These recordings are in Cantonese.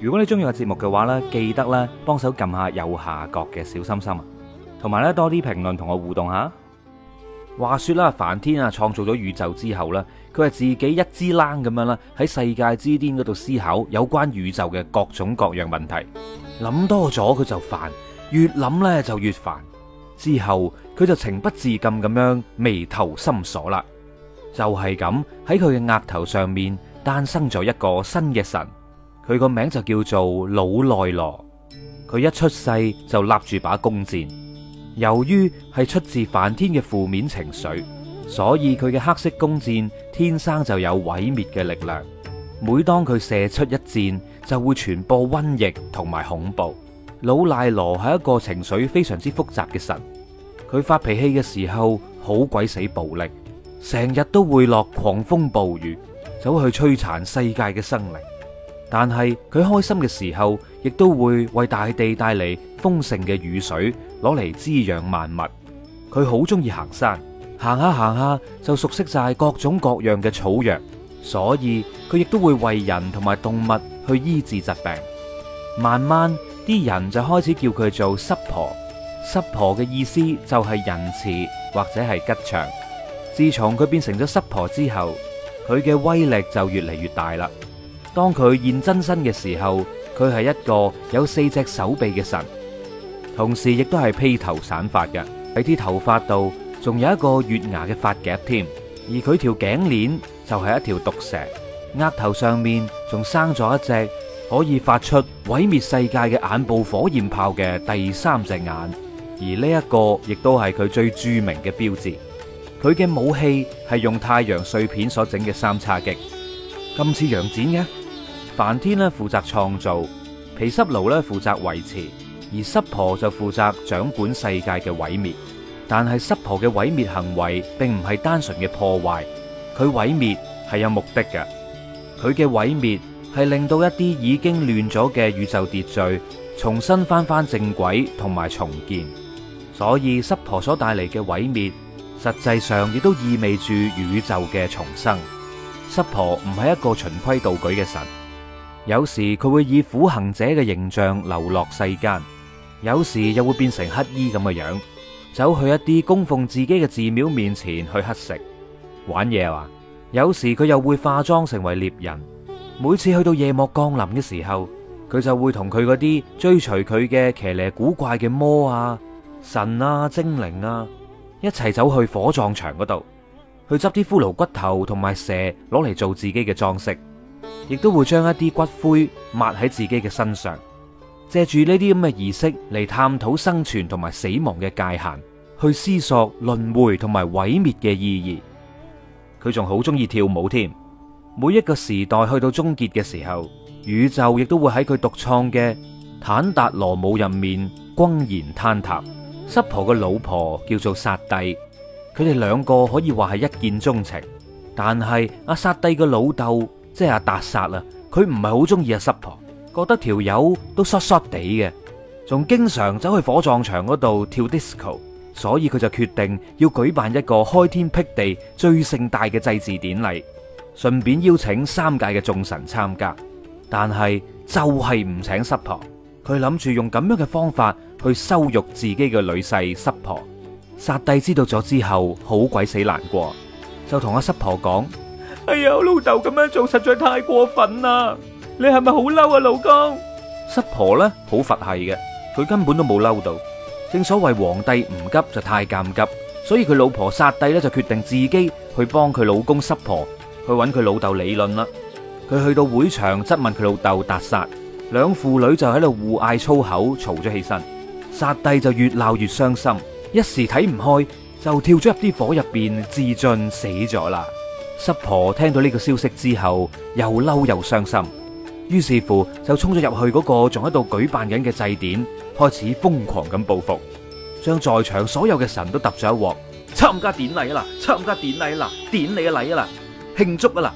如果你中意個節目嘅話呢，記得咧幫手撳下右下角嘅小心心，啊，同埋咧多啲評論同我互動下。話說啦，梵天啊，創造咗宇宙之後呢，佢係自己一支冷咁樣啦，喺世界之巔嗰度思考有關宇宙嘅各種各樣問題。諗多咗佢就煩，越諗呢就越煩。之後佢就情不自禁咁樣眉頭深鎖啦，就係咁喺佢嘅額頭上面誕生咗一個新嘅神。佢個名就叫做老奈羅，佢一出世就立住把弓箭。由於係出自梵天嘅負面情緒，所以佢嘅黑色弓箭天生就有毀滅嘅力量。每當佢射出一箭，就會傳播瘟疫同埋恐怖。老奈羅係一個情緒非常之複雜嘅神，佢發脾氣嘅時候好鬼死暴力，成日都會落狂風暴雨，走去摧殘世界嘅生靈。但係佢開心嘅時候，亦都會為大地帶嚟豐盛嘅雨水，攞嚟滋養萬物。佢好中意行山，行下行下就熟悉晒各種各樣嘅草藥，所以佢亦都會為人同埋動物去醫治疾病。慢慢啲人就開始叫佢做濕婆。濕婆嘅意思就係仁慈或者係吉祥。自從佢變成咗濕婆之後，佢嘅威力就越嚟越大啦。當佢現真身嘅時候，佢係一個有四隻手臂嘅神，同時亦都係披頭散髮嘅。喺啲頭髮度仲有一個月牙嘅髮夾添，而佢條頸鏈就係一條毒蛇，額頭上面仲生咗一隻可以發出毀滅世界嘅眼部火焰炮嘅第三隻眼，而呢一個亦都係佢最著名嘅標誌。佢嘅武器係用太陽碎片所整嘅三叉戟，今次羊展嘅。梵天咧負責創造，毗濕奴咧負責維持，而濕婆就負責掌管世界嘅毀滅。但係濕婆嘅毀滅行為並唔係單純嘅破壞，佢毀滅係有目的嘅。佢嘅毀滅係令到一啲已經亂咗嘅宇宙秩序重新返返正軌同埋重建。所以濕婆所帶嚟嘅毀滅，實際上亦都意味住宇宙嘅重生。濕婆唔係一個循規蹈矩嘅神。有時佢會以苦行者嘅形象流落世間，有時又會變成乞兒咁嘅樣，走去一啲供奉自己嘅寺廟面前去乞食、玩嘢啊。有時佢又會化妝成為獵人，每次去到夜幕降臨嘅時候，佢就會同佢嗰啲追隨佢嘅騎呢古怪嘅魔啊、神啊、精靈啊一齊走去火葬場嗰度，去執啲骷髏骨頭同埋蛇攞嚟做自己嘅裝飾。亦都會將一啲骨灰抹喺自己嘅身上，借住呢啲咁嘅儀式嚟，探討生存同埋死亡嘅界限，去思索輪迴同埋毀滅嘅意義。佢仲好中意跳舞添。每一個時代去到終結嘅時候，宇宙亦都會喺佢獨創嘅坦達羅姆入面轟然坍塌。濕婆嘅老婆叫做薩帝，佢哋兩個可以話係一見鍾情，但係阿薩帝嘅老豆。即係阿達薩啦，佢唔係好中意阿濕婆，覺得條友都濕濕地嘅，仲經常走去火葬場嗰度跳 disco，所以佢就決定要舉辦一個開天闢地最盛大嘅祭祀典禮，順便邀請三界嘅眾神參加，但係就係唔請濕婆，佢諗住用咁樣嘅方法去羞辱自己嘅女婿濕婆。薩帝知道咗之後，好鬼死難過，就同阿濕婆講。哎呀，老豆咁樣做實在太過分啦！你係咪好嬲啊，老公？濕婆呢好佛系嘅，佢根本都冇嬲到。正所謂皇帝唔急就太監急，所以佢老婆殺帝呢就決定自己去幫佢老公濕婆去搵佢老豆理論啦。佢去到會場質問佢老豆達薩，兩父女就喺度互嗌粗口，嘈咗起身。殺帝就越鬧越傷心，一時睇唔開就跳咗入啲火入邊自盡死咗啦。濕婆聽到呢個消息之後，又嬲又傷心，於是乎就衝咗入去嗰個仲喺度舉辦緊嘅祭典，開始瘋狂咁報復，將在場所有嘅神都揼咗一鑊。參加典禮啊嗱，參加典禮啊嗱，典禮嘅禮啊嗱，慶祝啊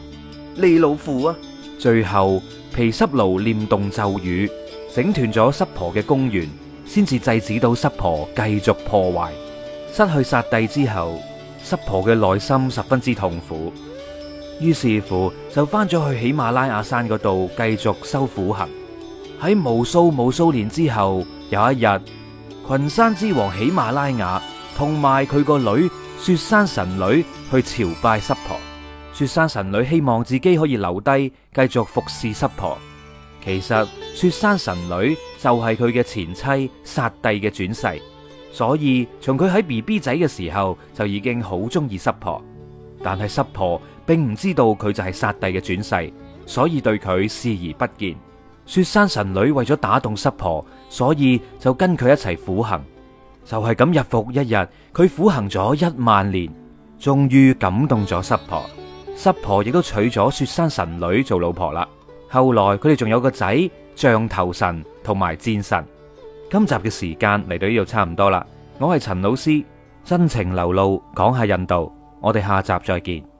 嗱，利老父啊！最後皮濕奴念動咒語，整斷咗濕婆嘅公園，先至制止到濕婆繼續破壞。失去殺帝之後，濕婆嘅內心十分之痛苦。於是乎就翻咗去喜馬拉雅山嗰度繼續修苦行。喺無數無數年之後，有一日，群山之王喜馬拉雅同埋佢個女雪山神女去朝拜濕婆。雪山神女希望自己可以留低繼續服侍濕婆。其實雪山神女就係佢嘅前妻薩帝嘅轉世，所以從佢喺 BB 仔嘅時候就已經好中意濕婆，但係濕婆並唔知道佢就係薩帝嘅轉世，所以對佢視而不見。雪山神女為咗打動濕婆，所以就跟佢一齊苦行，就係咁日復一日，佢苦行咗一萬年，終於感動咗濕婆。濕婆亦都娶咗雪山神女做老婆啦。後來佢哋仲有個仔象頭神同埋戰神。今集嘅時間嚟到呢度差唔多啦。我係陳老師，真情流露講下印度，我哋下集再見。